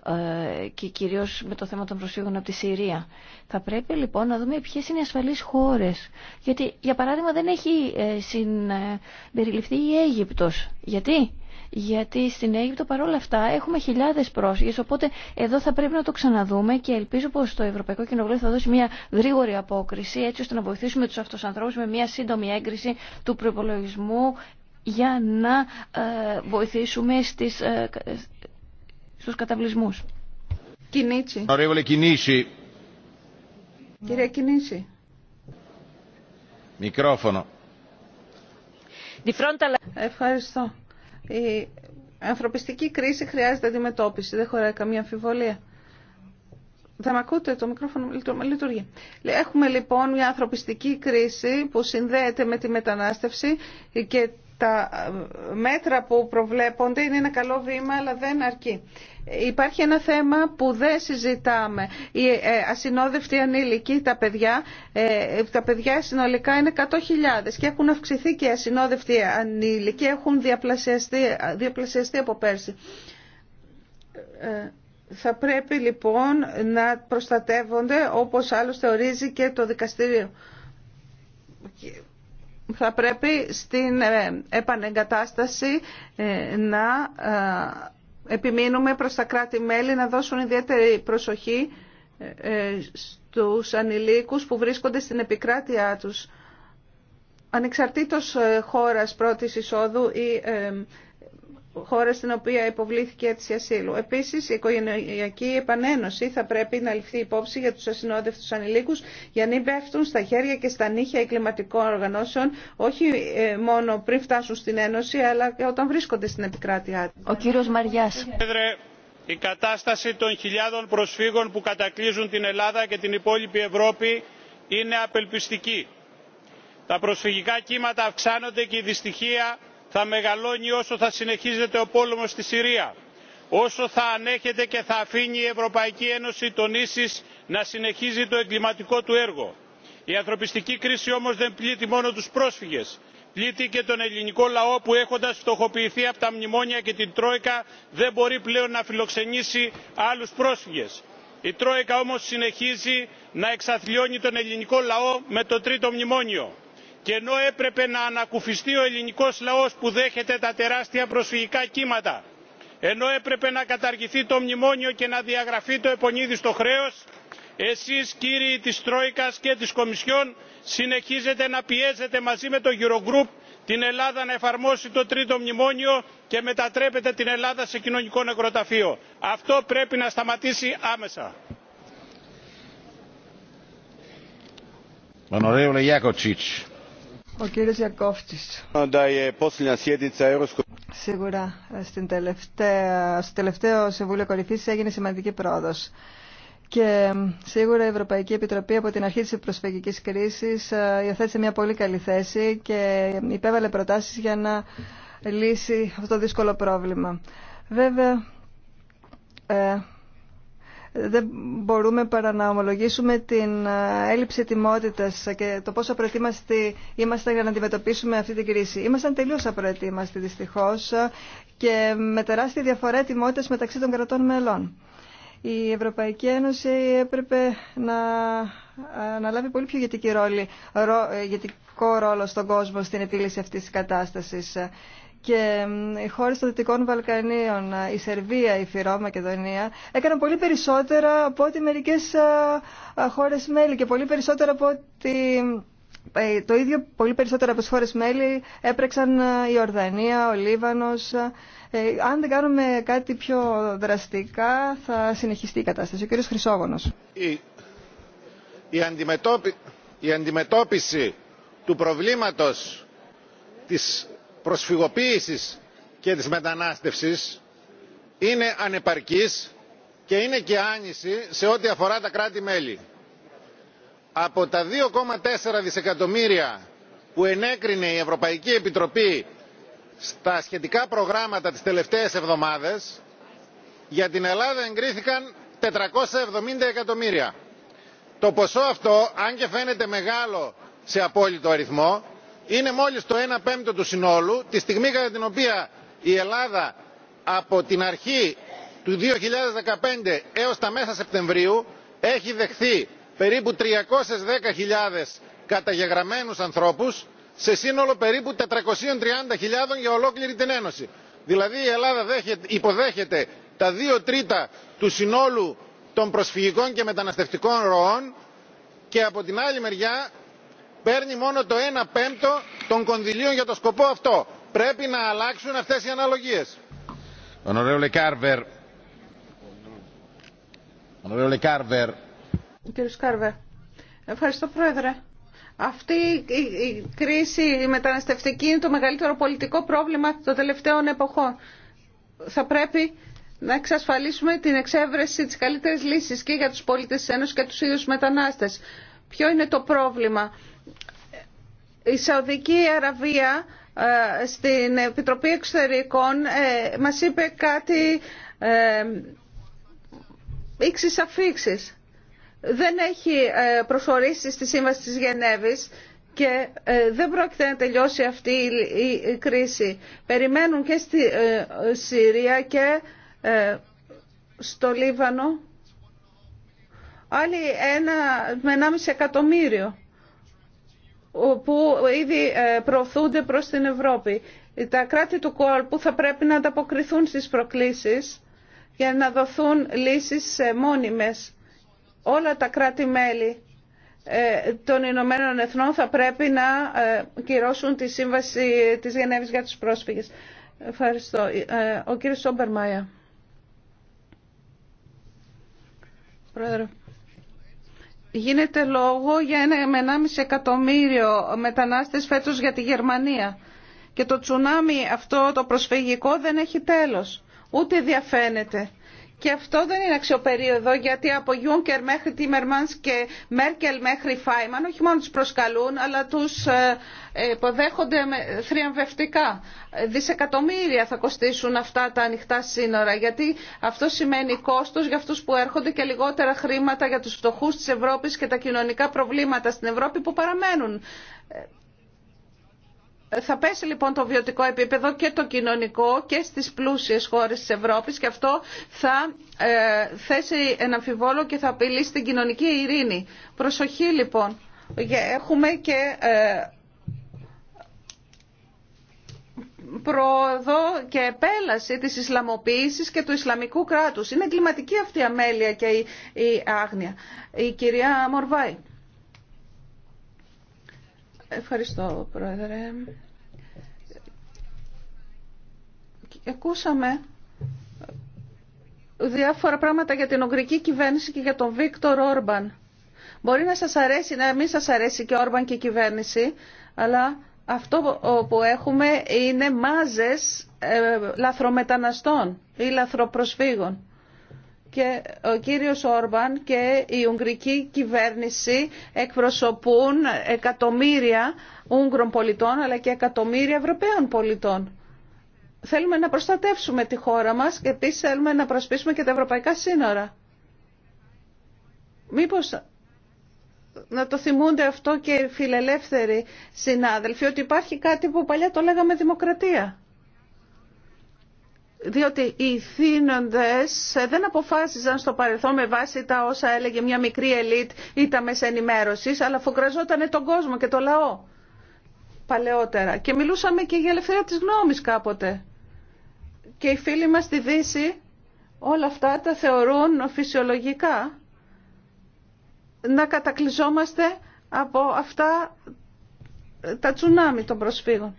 ε, και κυρίως με το θέμα των προσφύγων από τη Συρία. Θα πρέπει λοιπόν να δούμε ποιες είναι οι ασφαλείς χώρες. Γιατί για παράδειγμα δεν έχει ε, συμπεριληφθεί ε, η Αίγυπτος. Γιατί? γιατί στην Αίγυπτο παρόλα αυτά έχουμε χιλιάδες πρόσφυγες, οπότε εδώ θα πρέπει να το ξαναδούμε και ελπίζω πως το Ευρωπαϊκό Κοινοβούλιο θα δώσει μια γρήγορη απόκριση έτσι ώστε να βοηθήσουμε τους αυτούς ανθρώπους με μια σύντομη έγκριση του προπολογισμού για να ε, βοηθήσουμε στις, ε, ε στους καταβλισμούς. Ευχαριστώ η ανθρωπιστική κρίση χρειάζεται αντιμετώπιση, δεν χωράει καμία αμφιβολία. Θα με ακούτε, το μικρόφωνο λειτουργεί. Έχουμε λοιπόν μια ανθρωπιστική κρίση που συνδέεται με τη μετανάστευση και τα μέτρα που προβλέπονται είναι ένα καλό βήμα αλλά δεν αρκεί. Υπάρχει ένα θέμα που δεν συζητάμε. Οι ε, ασυνόδευτοι ανήλικοι, τα παιδιά, ε, τα παιδιά συνολικά είναι 100.000 και έχουν αυξηθεί και οι ασυνόδευτοι ανήλικοι, έχουν διαπλασιαστεί, διαπλασιαστεί από πέρσι. Ε, θα πρέπει λοιπόν να προστατεύονται όπως άλλωστε ορίζει και το δικαστήριο θα πρέπει στην ε, επανεγκατάσταση ε, να ε, επιμείνουμε προς τα κράτη-μέλη να δώσουν ιδιαίτερη προσοχή στους ανηλίκους που βρίσκονται στην επικράτειά τους ανεξαρτήτως χώρας πρώτης εισόδου ή χώρα στην οποία υποβλήθηκε έτσι ασύλου. Επίση, η οικογενειακή επανένωση θα πρέπει να ληφθεί υπόψη για του ασυνόδευτου ανηλίκους για να μην πέφτουν στα χέρια και στα νύχια εγκληματικών οργανώσεων, όχι ε, μόνο πριν φτάσουν στην Ένωση, αλλά και όταν βρίσκονται στην επικράτειά του. Ο κύριος Μαριάς. Η κατάσταση των χιλιάδων προσφύγων που κατακλείζουν την Ελλάδα και την υπόλοιπη Ευρώπη είναι απελπιστική. Τα προσφυγικά κύματα αυξάνονται και η δυστυχία θα μεγαλώνει όσο θα συνεχίζεται ο πόλεμος στη Συρία, όσο θα ανέχεται και θα αφήνει η Ευρωπαϊκή Ένωση τον ίσις να συνεχίζει το εγκληματικό του έργο. Η ανθρωπιστική κρίση όμως δεν πλήττει μόνο τους πρόσφυγες, πλήττει και τον ελληνικό λαό που έχοντας φτωχοποιηθεί από τα μνημόνια και την Τρόικα δεν μπορεί πλέον να φιλοξενήσει άλλους πρόσφυγες. Η Τρόικα όμως συνεχίζει να εξαθλιώνει τον ελληνικό λαό με το τρίτο μνημόνιο και ενώ έπρεπε να ανακουφιστεί ο ελληνικός λαός που δέχεται τα τεράστια προσφυγικά κύματα ενώ έπρεπε να καταργηθεί το μνημόνιο και να διαγραφεί το επονίδιστο χρέος εσείς κύριοι της τρόικας και της κομισιόν συνεχίζετε να πιέζετε μαζί με το eurogroup την ελλάδα να εφαρμόσει το τρίτο μνημόνιο και μετατρέπετε την ελλάδα σε κοινωνικό νεκροταφείο. αυτό πρέπει να σταματήσει άμεσα. Ο κύριος Γιακόφτσης. Σίγουρα στην τελευταία, στο τελευταίο Συμβούλιο Κορυφής έγινε σημαντική πρόοδος. Και σίγουρα η Ευρωπαϊκή Επιτροπή από την αρχή της προσφυγικής κρίσης ε, υιοθέτησε μια πολύ καλή θέση και υπέβαλε προτάσεις για να λύσει αυτό το δύσκολο πρόβλημα. Βέβαια, ε, δεν μπορούμε παρά να ομολογήσουμε την ε, έλλειψη ετοιμότητα και το πόσο απροετοίμαστοι είμαστε για να αντιμετωπίσουμε αυτή την κρίση. Ήμασταν τελείως απροετοίμαστοι δυστυχώ ε, και με τεράστια διαφορά ετοιμότητα μεταξύ των κρατών μελών. Η Ευρωπαϊκή Ένωση έπρεπε να, ε, να λάβει πολύ πιο ηγετική ρόλο στον κόσμο στην επίλυση αυτής της κατάστασης και οι χώρες των Δυτικών Βαλκανίων, ε, η Σερβία, η η Μακεδονία, έκαναν πολύ περισσότερα από ό,τι μερικές ε, ε, χώρες μέλη και πολύ περισσότερα από ό,τι... Το ίδιο πολύ περισσότερα από τις χώρες μέλη έπρεξαν η Ορδανία, ο Λίβανος. αν δεν κάνουμε κάτι πιο δραστικά θα συνεχιστεί η κατάσταση. Ο κ. Η, αντιμετώπιση του προβλήματος της προσφυγοποίησης και της μετανάστευσης είναι ανεπαρκής και είναι και άνηση σε ό,τι αφορά τα κράτη μέλη. Από τα 2,4 δισεκατομμύρια που ενέκρινε η Ευρωπαϊκή Επιτροπή στα σχετικά προγράμματα τις τελευταίες εβδομάδες, για την Ελλάδα εγκρίθηκαν 470 εκατομμύρια. Το ποσό αυτό, αν και φαίνεται μεγάλο σε απόλυτο αριθμό, είναι μόλις το 1 πέμπτο του συνόλου, τη στιγμή κατά την οποία η Ελλάδα από την αρχή του 2015 έως τα μέσα Σεπτεμβρίου έχει δεχθεί περίπου 310.000 καταγεγραμμένους ανθρώπους σε σύνολο περίπου 430.000 για ολόκληρη την Ένωση. Δηλαδή η Ελλάδα υποδέχεται τα 2 τρίτα του συνόλου των προσφυγικών και μεταναστευτικών ροών και από την άλλη μεριά παίρνει μόνο το 1 πέμπτο των κονδυλίων για το σκοπό αυτό. Πρέπει να αλλάξουν αυτές οι αναλογίες. Κύριε Σκάρβερ, ευχαριστώ Πρόεδρε. Αυτή η κρίση η μεταναστευτική είναι το μεγαλύτερο πολιτικό πρόβλημα των τελευταίων εποχών. Θα πρέπει να εξασφαλίσουμε την εξέβρεση της καλύτερης λύσης και για τους πολίτες της Ένωσης και τους ίδιους μετανάστες. Ποιο είναι το πρόβλημα. Η Σαουδική Αραβία ε, στην Επιτροπή Εξωτερικών ε, μας είπε κάτι ίξης ε, αφήξης. Δεν έχει προσχωρήσει στη Σύμβαση της Γενέβης και δεν πρόκειται να τελειώσει αυτή η κρίση. Περιμένουν και στη Συρία και στο Λίβανο άλλοι ένα με 1,5 εκατομμύριο που ήδη ε, προωθούνται προς την Ευρώπη. Τα κράτη του κόλπου θα πρέπει να ανταποκριθούν στις προκλήσεις για να δοθούν λύσεις ε, μόνιμες. Όλα τα κράτη-μέλη ε, των Ηνωμένων Εθνών θα πρέπει να κυρώσουν τη Σύμβαση της Γενέβης για τους πρόσφυγες. Ευχαριστώ. Ο κύριος Σόμπερ Μάια γίνεται λόγο για ένα, με 1,5 εκατομμύριο μετανάστες φέτος για τη Γερμανία. Και το τσουνάμι αυτό το προσφυγικό δεν έχει τέλος. Ούτε διαφαίνεται. Και αυτό δεν είναι αξιοπερίοδο γιατί από Γιούνκερ μέχρι Τίμερμανς και Μέρκελ μέχρι Φάιμαν όχι μόνο τους προσκαλούν αλλά τους ε, υποδέχονται θριαμβευτικά. Δισεκατομμύρια θα κοστίσουν αυτά τα ανοιχτά σύνορα γιατί αυτό σημαίνει κόστος για αυτούς που έρχονται και λιγότερα χρήματα για τους φτωχούς της Ευρώπης και τα κοινωνικά προβλήματα στην Ευρώπη που παραμένουν. Θα πέσει λοιπόν το βιωτικό επίπεδο και το κοινωνικό και στις πλούσιες χώρες της Ευρώπης και αυτό θα ε, θέσει ένα αμφιβόλο και θα απειλήσει την κοινωνική ειρήνη. Προσοχή λοιπόν. Έχουμε και ε, προοδό και επέλαση της Ισλαμοποίησης και του Ισλαμικού κράτους. Είναι εγκληματική αυτή η αμέλεια και η, η άγνοια. Η κυρία Μορβάη. Ευχαριστώ, Πρόεδρε. Εκούσαμε διάφορα πράγματα για την Ουγγρική κυβέρνηση και για τον Βίκτορ Όρμπαν. Μπορεί να σας αρέσει, να μην σας αρέσει και Όρμπαν και η κυβέρνηση, αλλά αυτό που έχουμε είναι μάζες ε, λαθρομεταναστών ή λαθροπροσφύγων και ο κύριος Όρμπαν και η Ουγγρική κυβέρνηση εκπροσωπούν εκατομμύρια Ούγγρων πολιτών αλλά και εκατομμύρια Ευρωπαίων πολιτών. Θέλουμε να προστατεύσουμε τη χώρα μας και επίσης θέλουμε να προσπίσουμε και τα ευρωπαϊκά σύνορα. Μήπως να το θυμούνται αυτό και οι φιλελεύθεροι συνάδελφοι ότι υπάρχει κάτι που παλιά το λέγαμε δημοκρατία διότι οι θύνοντες ε, δεν αποφάσιζαν στο παρελθόν με βάση τα όσα έλεγε μια μικρή ελίτ ή τα μέσα αλλά φογκραζόταν τον κόσμο και το λαό παλαιότερα. Και μιλούσαμε και για ελευθερία της γνώμης κάποτε. Και οι φίλοι μας στη Δύση όλα αυτά τα θεωρούν φυσιολογικά να κατακλυζόμαστε από αυτά τα τσουνάμι των προσφύγων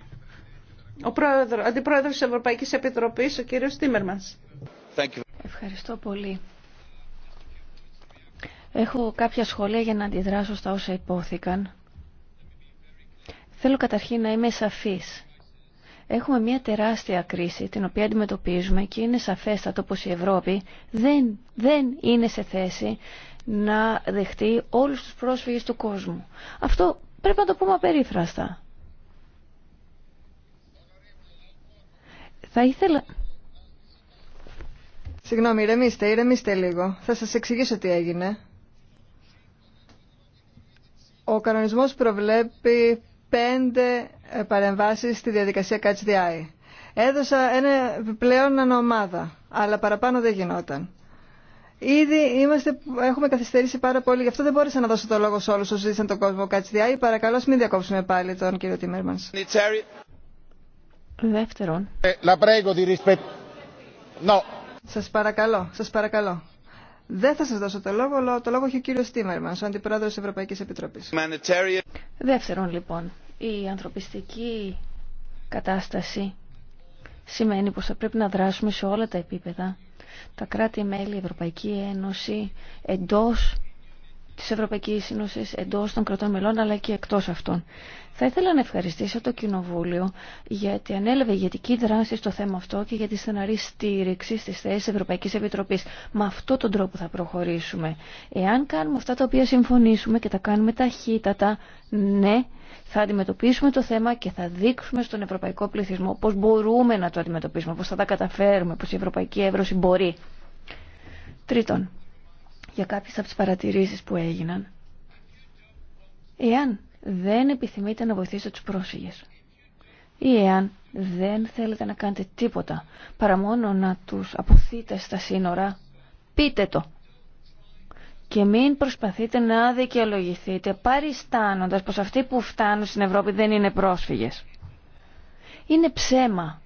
ο πρόεδρο, αντιπρόεδρος της Ευρωπαϊκής Επιτροπής, ο κύριος Τίμερμανς. Ευχαριστώ πολύ. Έχω κάποια σχόλια για να αντιδράσω στα όσα υπόθηκαν. Θέλω καταρχήν να είμαι σαφής. Έχουμε μια τεράστια κρίση την οποία αντιμετωπίζουμε και είναι σαφέστατο πως η Ευρώπη δεν, δεν είναι σε θέση να δεχτεί όλους τους πρόσφυγες του κόσμου. Αυτό πρέπει να το πούμε απερίφραστα. Θα ήθελα... Συγγνώμη, ηρεμήστε, ηρεμήστε λίγο. Θα σας εξηγήσω τι έγινε. Ο κανονισμός προβλέπει πέντε ε, παρεμβάσεις στη διαδικασία Catch the Eye. Έδωσα ένα πλέον ομάδα, αλλά παραπάνω δεν γινόταν. Ήδη είμαστε, έχουμε καθυστερήσει πάρα πολύ, γι' αυτό δεν μπόρεσα να δώσω το λόγο σε όλους όσους ζήτησαν τον κόσμο Catch the Eye. Παρακαλώ, μην διακόψουμε πάλι τον κύριο Τίμερμανς. Δεύτερον. Ε, σας παρακαλώ, σας παρακαλώ. Δεν θα σας δώσω το λόγο, αλλά το λόγο έχει ο κύριο Τίμερμαν, ο αντιπρόεδρο τη Ευρωπαϊκής Επιτροπής. Δεύτερον, λοιπόν, η ανθρωπιστική κατάσταση σημαίνει πως θα πρέπει να δράσουμε σε όλα τα επίπεδα. Τα κράτη-μέλη, η Ευρωπαϊκή Ένωση, εντό της Ευρωπαϊκής Ένωσης εντός των κρατών μελών αλλά και εκτός αυτών. Θα ήθελα να ευχαριστήσω το Κοινοβούλιο γιατί ανέλαβε ηγετική δράση στο θέμα αυτό και για τη στεναρή στήριξη στις θέσεις Ευρωπαϊκής Επιτροπής. Με αυτόν τον τρόπο θα προχωρήσουμε. Εάν κάνουμε αυτά τα οποία συμφωνήσουμε και τα κάνουμε ταχύτατα, ναι, θα αντιμετωπίσουμε το θέμα και θα δείξουμε στον ευρωπαϊκό πληθυσμό πώς μπορούμε να το αντιμετωπίσουμε, πώς θα τα καταφέρουμε, πώς η Ευρωπαϊκή Εύρωση μπορεί. Τρίτον, για κάποιες από τις παρατηρήσεις που έγιναν. Εάν δεν επιθυμείτε να βοηθήσετε τους πρόσφυγες ή εάν δεν θέλετε να κάνετε τίποτα παρά μόνο να τους αποθείτε στα σύνορα, πείτε το. Και μην προσπαθείτε να δικαιολογηθείτε παριστάνοντας πως αυτοί που φτάνουν στην Ευρώπη δεν είναι πρόσφυγες. Είναι ψέμα.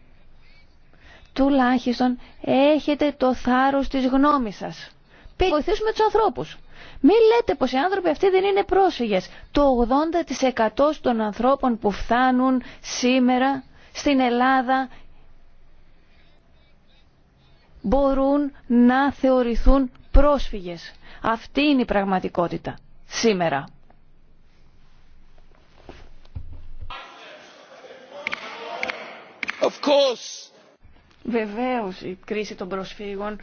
Τουλάχιστον έχετε το θάρρος της γνώμης σας βοηθήσουμε τους ανθρώπους. Μην λέτε πω οι άνθρωποι αυτοί δεν είναι πρόσφυγες. Το 80% των ανθρώπων που φτάνουν σήμερα στην Ελλάδα μπορούν να θεωρηθούν πρόσφυγες. Αυτή είναι η πραγματικότητα σήμερα. Of course. η κρίση των προσφύγων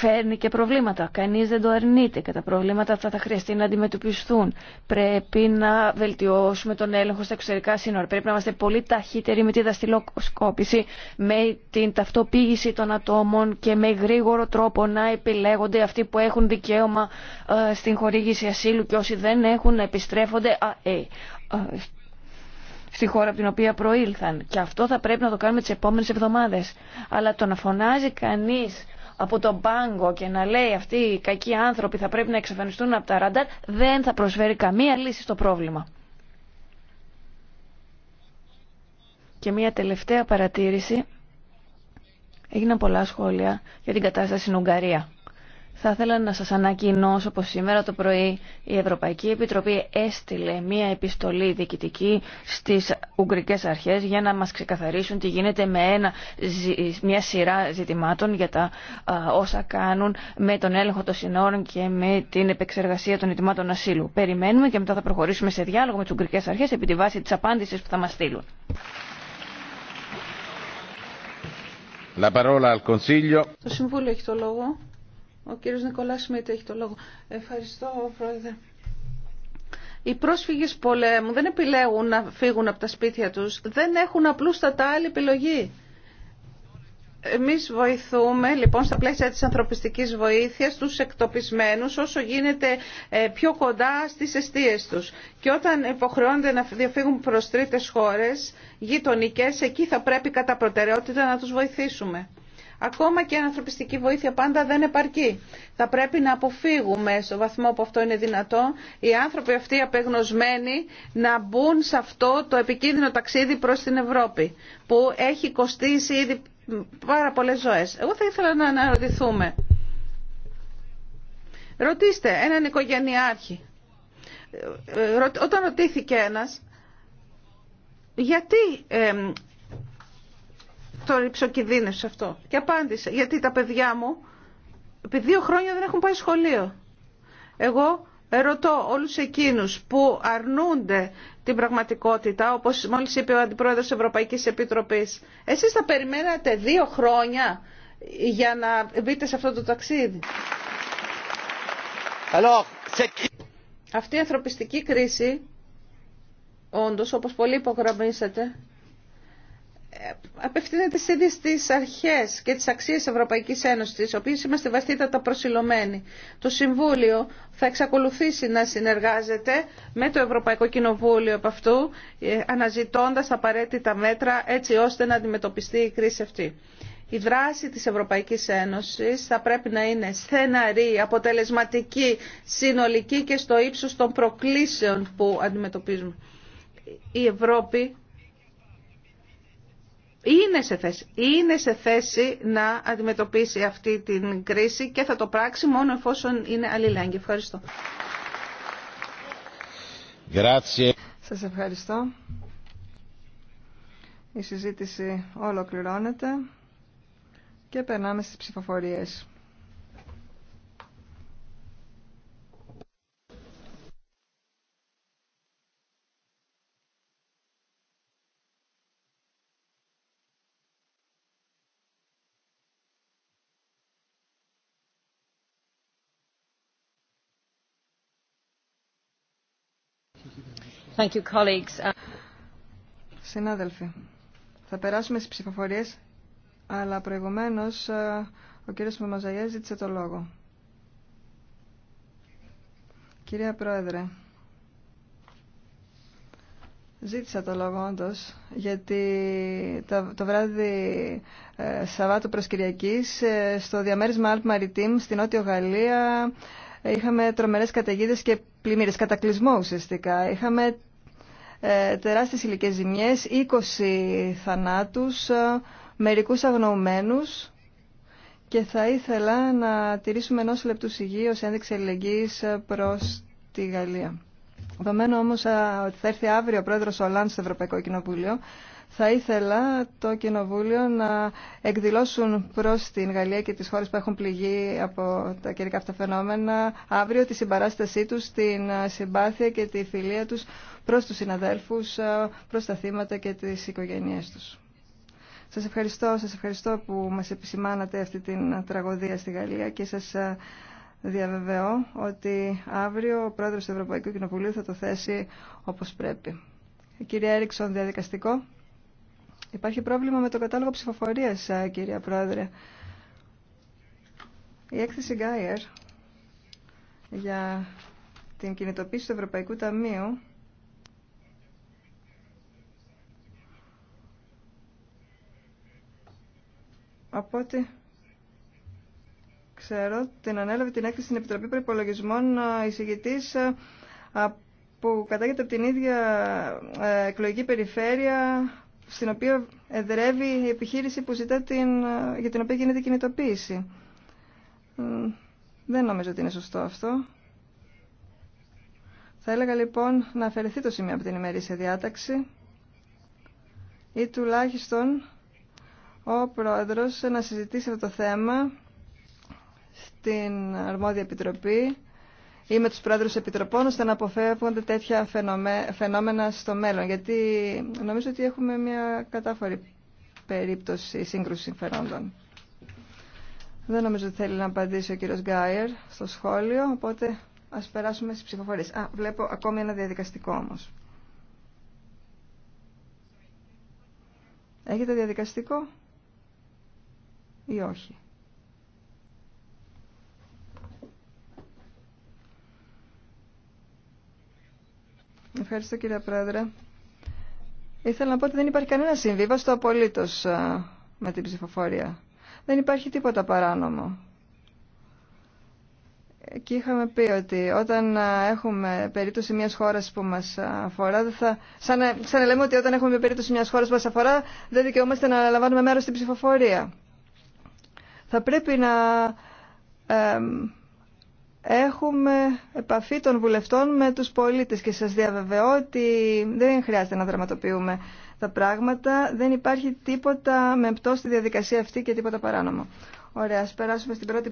φέρνει και προβλήματα. Κανεί δεν το αρνείται και τα προβλήματα αυτά θα χρειαστεί να αντιμετωπιστούν. Πρέπει να βελτιώσουμε τον έλεγχο στα εξωτερικά σύνορα. Πρέπει να είμαστε πολύ ταχύτεροι με τη δαστηλοσκόπηση, με την ταυτοποίηση των ατόμων και με γρήγορο τρόπο να επιλέγονται αυτοί που έχουν δικαίωμα ε, στην χορήγηση ασύλου και όσοι δεν έχουν να επιστρέφονται ε, ε, στη χώρα από την οποία προήλθαν. Και αυτό θα πρέπει να το κάνουμε τις επόμενες εβδομάδε. Αλλά το να φωνάζει κανεί από τον πάγκο και να λέει αυτοί οι κακοί άνθρωποι θα πρέπει να εξαφανιστούν από τα ραντάρ δεν θα προσφέρει καμία λύση στο πρόβλημα. Και μια τελευταία παρατήρηση. Έγιναν πολλά σχόλια για την κατάσταση στην Ουγγαρία. Θα ήθελα να σας ανακοινώσω πως σήμερα το πρωί η Ευρωπαϊκή Επιτροπή έστειλε μία επιστολή διοικητική στις Ουγγρικές Αρχές για να μας ξεκαθαρίσουν τι γίνεται με ένα, μια σειρά ζητημάτων για τα όσα κάνουν με τον έλεγχο των συνόρων και με την επεξεργασία των ζητημάτων ασύλου. Περιμένουμε και μετά θα προχωρήσουμε σε διάλογο με τις Ουγγρικές Αρχές επί τη βάση της απάντησης που θα μας στείλουν. Ο κύριος Νικολάς Σμίτ έχει το λόγο. Ευχαριστώ, Πρόεδρε. Οι πρόσφυγες πολέμου δεν επιλέγουν να φύγουν από τα σπίτια τους. Δεν έχουν απλούστατα άλλη επιλογή. Εμείς βοηθούμε λοιπόν στα πλαίσια της ανθρωπιστικής βοήθειας τους εκτοπισμένους όσο γίνεται ε, πιο κοντά στις αιστείες τους. Και όταν υποχρεώνται να διαφύγουν προς τρίτες χώρες γειτονικές, εκεί θα πρέπει κατά προτεραιότητα να τους βοηθήσουμε. Ακόμα και η ανθρωπιστική βοήθεια πάντα δεν επαρκεί. Θα πρέπει να αποφύγουμε στο βαθμό που αυτό είναι δυνατό οι άνθρωποι αυτοί απεγνωσμένοι να μπουν σε αυτό το επικίνδυνο ταξίδι προς την Ευρώπη που έχει κοστίσει ήδη πάρα πολλές ζωές. Εγώ θα ήθελα να αναρωτηθούμε. Ρωτήστε έναν οικογενειάρχη. Ε, ε, όταν ρωτήθηκε ένας γιατί ε, το σε αυτό. Και απάντησε, γιατί τα παιδιά μου επί δύο χρόνια δεν έχουν πάει σχολείο. Εγώ ρωτώ όλους εκείνους που αρνούνται την πραγματικότητα, όπως μόλις είπε ο Αντιπρόεδρος Ευρωπαϊκής Επιτροπής, εσείς θα περιμένατε δύο χρόνια για να μπείτε σε αυτό το ταξίδι. Αυτή η ανθρωπιστική κρίση, όντως, όπως πολύ υπογραμμίσατε, απευθύνεται σε στις αρχές και τις αξίες Ευρωπαϊκής Ένωσης, τις οποίες είμαστε βαθύτατα προσιλωμένοι. Το Συμβούλιο θα εξακολουθήσει να συνεργάζεται με το Ευρωπαϊκό Κοινοβούλιο από αυτού, ε, αναζητώντας απαραίτητα μέτρα έτσι ώστε να αντιμετωπιστεί η κρίση αυτή. Η δράση της Ευρωπαϊκής Ένωσης θα πρέπει να είναι στεναρή, αποτελεσματική, συνολική και στο ύψος των προκλήσεων που αντιμετωπίζουμε. Η Ευρώπη είναι σε θέση, είναι να αντιμετωπίσει αυτή την κρίση και θα το πράξει μόνο εφόσον είναι αλληλέγγυη. Ευχαριστώ. Grazie. Σας ευχαριστώ. Η συζήτηση ολοκληρώνεται και περνάμε στις ψηφοφορίες. Uh, Συνάδελφοι, θα περάσουμε στις ψηφοφορίες, αλλά προηγουμένως ε, ο κύριος Μαμαζαγιάς ζήτησε το λόγο. Κυρία Πρόεδρε, Ζήτησα το λόγο όντω, γιατί το, βράδυ ε, Σαββάτου προς Κυριακής ε, στο διαμέρισμα Alp Maritim στην Νότιο Γαλλία είχαμε τρομερές καταιγίδες και πλημμύρες, κατακλυσμό ουσιαστικά. Είχαμε ε, τεράστιες ηλικές ζημιές, 20 θανάτους, ε, μερικούς αγνοωμένους και θα ήθελα να τηρήσουμε ενός λεπτού σιγή ως ένδειξη αλληλεγγύης ε, προς τη Γαλλία. Δεδομένου όμως ότι θα έρθει αύριο ο πρόεδρος Ολάν στο Ευρωπαϊκό Κοινοβούλιο, θα ήθελα το Κοινοβούλιο να εκδηλώσουν προς την Γαλλία και τις χώρες που έχουν πληγεί από τα καιρικά αυτά φαινόμενα αύριο τη συμπαράστασή τους, την συμπάθεια και τη φιλία τους προς τους συναδέλφους, προς τα θύματα και τις οικογένειές τους. Σας ευχαριστώ, σας ευχαριστώ που μας επισημάνατε αυτή την τραγωδία στη Γαλλία και σας ε, διαβεβαιώ ότι αύριο ο πρόεδρος του Ευρωπαϊκού Κοινοβουλίου θα το θέσει όπως πρέπει. Κύριε Έριξον, διαδικαστικό. Υπάρχει πρόβλημα με το κατάλογο ψηφοφορίας, ε, κυρία Πρόεδρε. Η έκθεση Γκάιερ για την κινητοποίηση του Ευρωπαϊκού Ταμείου από ό,τι ξέρω την ανέλαβε την έκθεση στην Επιτροπή Προπολογισμών ε, εισηγητής ε, που κατάγεται από την ίδια εκλογική περιφέρεια στην οποία εδρεύει η επιχείρηση που ζητά την, για την οποία γίνεται κινητοποίηση. Δεν νομίζω ότι είναι σωστό αυτό. Θα έλεγα λοιπόν να αφαιρεθεί το σημείο από την ημερήσια διάταξη ή τουλάχιστον ο Πρόεδρος να συζητήσει αυτό το θέμα στην Αρμόδια Επιτροπή ή με τους πρόεδρους επιτροπών ώστε να αποφεύγονται τέτοια φαινόμενα στο μέλλον. Γιατί νομίζω ότι έχουμε μια κατάφορη περίπτωση σύγκρουση συμφερόντων. Δεν νομίζω ότι θέλει να απαντήσει ο κύριος Γκάιερ στο σχόλιο, οπότε ας περάσουμε στις ψηφοφορίες. Α, βλέπω ακόμη ένα διαδικαστικό όμως. Έχετε διαδικαστικό ή όχι. Ευχαριστώ κύριε Πρόεδρε. Ήθελα να πω ότι δεν υπάρχει κανένα συμβίβαστο απολύτω με την ψηφοφορία. Δεν υπάρχει τίποτα παράνομο. Και είχαμε πει ότι όταν έχουμε περίπτωση μιας χώρας που μας αφορά, δεν θα... σαν, να... σαν λέμε ότι όταν έχουμε περίπτωση μιας χώρας που μας αφορά, δεν δικαιούμαστε να λαμβάνουμε μέρος στην ψηφοφορία. Θα πρέπει να έχουμε επαφή των βουλευτών με τους πολίτες και σας διαβεβαιώ ότι δεν χρειάζεται να δραματοποιούμε τα πράγματα. Δεν υπάρχει τίποτα με πτώση στη διαδικασία αυτή και τίποτα παράνομο. Ωραία, ας περάσουμε στην πρώτη